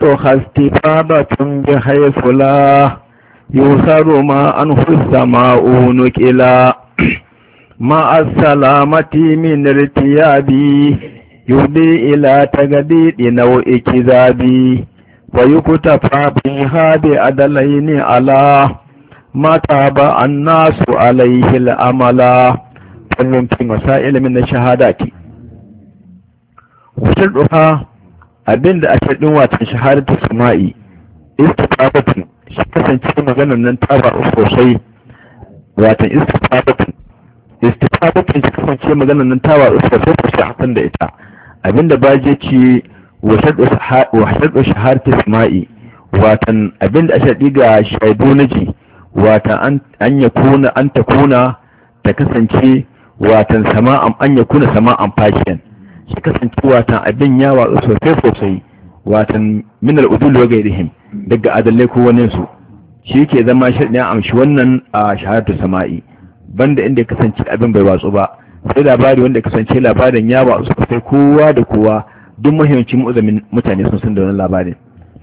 ta ta bi haifula yusaru ma an husa ma'unukila ma'ar salamati ila ta gadi dina wa'iki zabi wa yi kuta fafin ba an nasu alaihi amala da a shaɗin watan shahadatu sama'i istitabatu shi kasance maganar nan ta sosai watan istitabatu istitabatu shi kasance maganar nan ta ba sosai sosai a kan da ita Abin da baje ce wa sama'i watan ga watan an ta kasance watan sama'an an shi kasance watan abin ya watsu sosai sosai watan min al'udul wa gairihim daga adalai ko wani su shi ke zama shi ne amshi wannan a shahadatu sama'i banda inda ya kasance abin bai watsu ba sai labari wanda ya kasance labarin ya watsu sosai kowa da kowa duk mahimmancin mu'azamin mutane sun san da wani labarin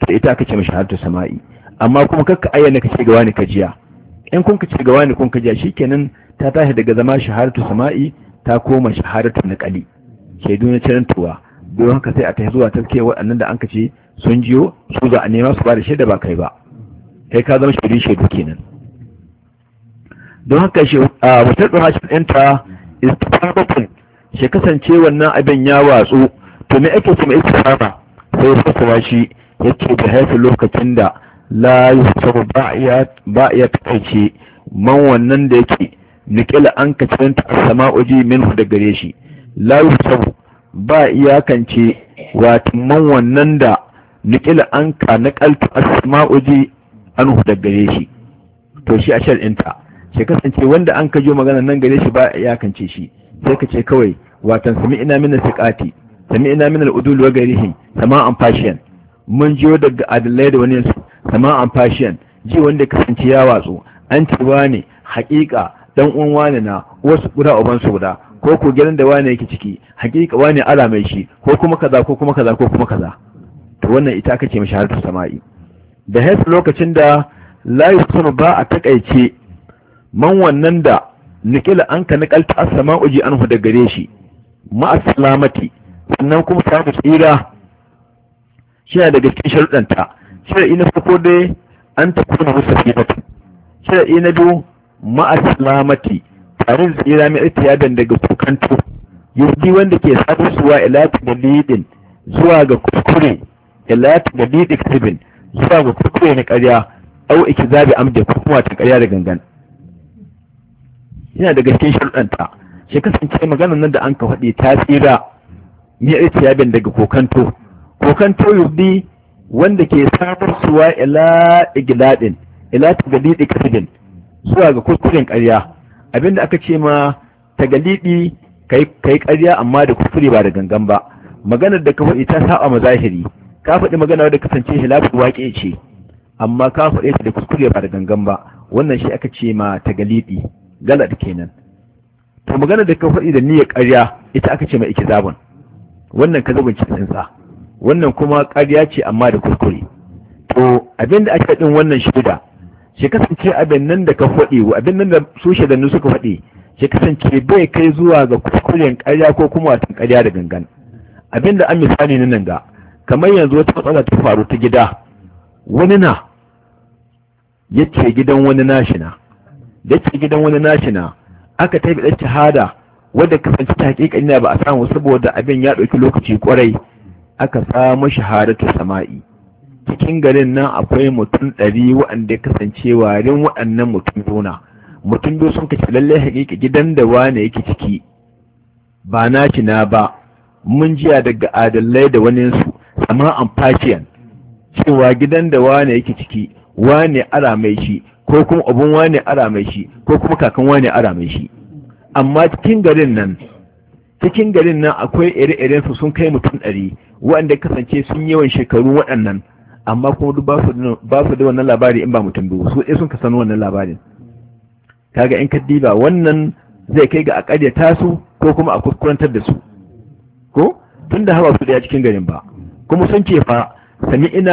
to ita aka ce mashi shahadatu sama'i amma kuma kakka ayyana ka ce ga wani kajiya in kun ka ce ga wani kun kajiya shikenan ta tashi daga zama shahadatu sama'i ta koma shahadatu naqali shaidu na cirantuwa don haka sai a ta zuwa taske waɗannan da an ka ce sun jiyo su za a nema su ba da shaida ba kai ba kai ka zama shaidu shaidu kenan don haka shi wutar ɗora shi ɗinta istifafafin shi kasance wannan abin ya watsu to me ake kuma fara? sai su fassara shi yake da haifi lokacin da la yusaru ba iya takaice man wannan da yake nikila an ka ta a sama'uji min da gare shi la yusaru ba iyakance watan wannan da nikil an ka nakaltu asma'uji an huda gare shi to shi a shar'inta sai kasance wanda an kajo magana nan gare shi ba iyakance shi sai ka ce kawai watan sami ina mina sikati sami ina mina al'udul wa Sama an fashiyan mun jiyo daga adalai da wani su an fashiyan ji wanda kasance ya watsu an ciwa ne haƙiƙa dan uwan wani na wasu guda uban su guda ko ku gidan da wane yake ciki hakika wane ala mai shi ko kuma kaza ko kuma kaza ko kuma kaza to wannan ita aka ce mishi haratu sama'i da hes lokacin da la yusunu ba a takaice man wannan da nikila an ka nikalta as-sama'u ji anhu da gare shi ma as-salamati sannan kuma samu tsira shi daga cikin sharuɗanta shari'i na farko dai an ta kuma musa fiye shari'i na biyu ma as-salamati arin zai rami irtiyadan daga kukanto yurdi wanda ke sadarsuwa ila tadlidin zuwa ga kuskure da tadlid iktibin zuwa ga kuskure na karya au ikizabi amda ko kuma ta karya da gangan yana daga cikin shirɗanta shi kasance maganar nan da an ka faɗi ta tsira ni irtiyadan daga kukanto kukanto yurdi wanda ke sadarsuwa ila igladin ila tadlid iktibin zuwa ga kuskuren ƙarya abinda aka ce ma galibi kai kai ƙarya amma da kuskure ba da gangan ba maganar da ka faɗi ta saba ma zahiri ka faɗi magana da kasance hilafu waƙe ce amma ka faɗi ta da kuskure ba da gangan ba wannan shi aka ce ma ta galibi galad kenan to maganar da ka faɗi da niyyar ƙarya ita aka ce ma ikizabun wannan ka zubin cikin tsa wannan kuma ƙarya ce amma da kuskure to abinda ake ɗin wannan shida shi kasance abin nan da ka faɗi abin nan da su shaidannu suka faɗi shi kasance bai kai zuwa ga kuskuren ƙarya ko kuma watan ƙarya da gangan abin da an misali na nan ga kamar yanzu wata matsala ta faru ta gida wani na ya ce gidan wani nashina Ya ce gidan wani nashina aka tafi ɗan shahada wadda kasance ta haƙiƙa ba a samu saboda abin ya ɗauki lokaci ƙwarai aka samu shahadatu sama'i cikin garin nan akwai mutum ɗari waɗanda ya kasance warin waɗannan mutum zuna. mutum biyu sun kace lallai hakika gidan da wane yake ciki ba na na ba mun jiya daga adalai da su amma an fashiyan cewa gidan da wane yake ciki wane ara mai shi ko kuma abun wane ara mai shi ko kuma kakan wane ara mai shi amma cikin garin nan cikin garin nan akwai ire su sun kai mutum ɗari waɗanda kasance sun yawan shekaru waɗannan amma kuma duk ba su da wannan labari in ba mutum biyu su sun ka san wannan labarin kaga in ka diba wannan zai kai ga a ƙaryata su ko kuma a kuskurantar da su ko tun da hawa su ya cikin garin ba kuma sun ce fa sami ina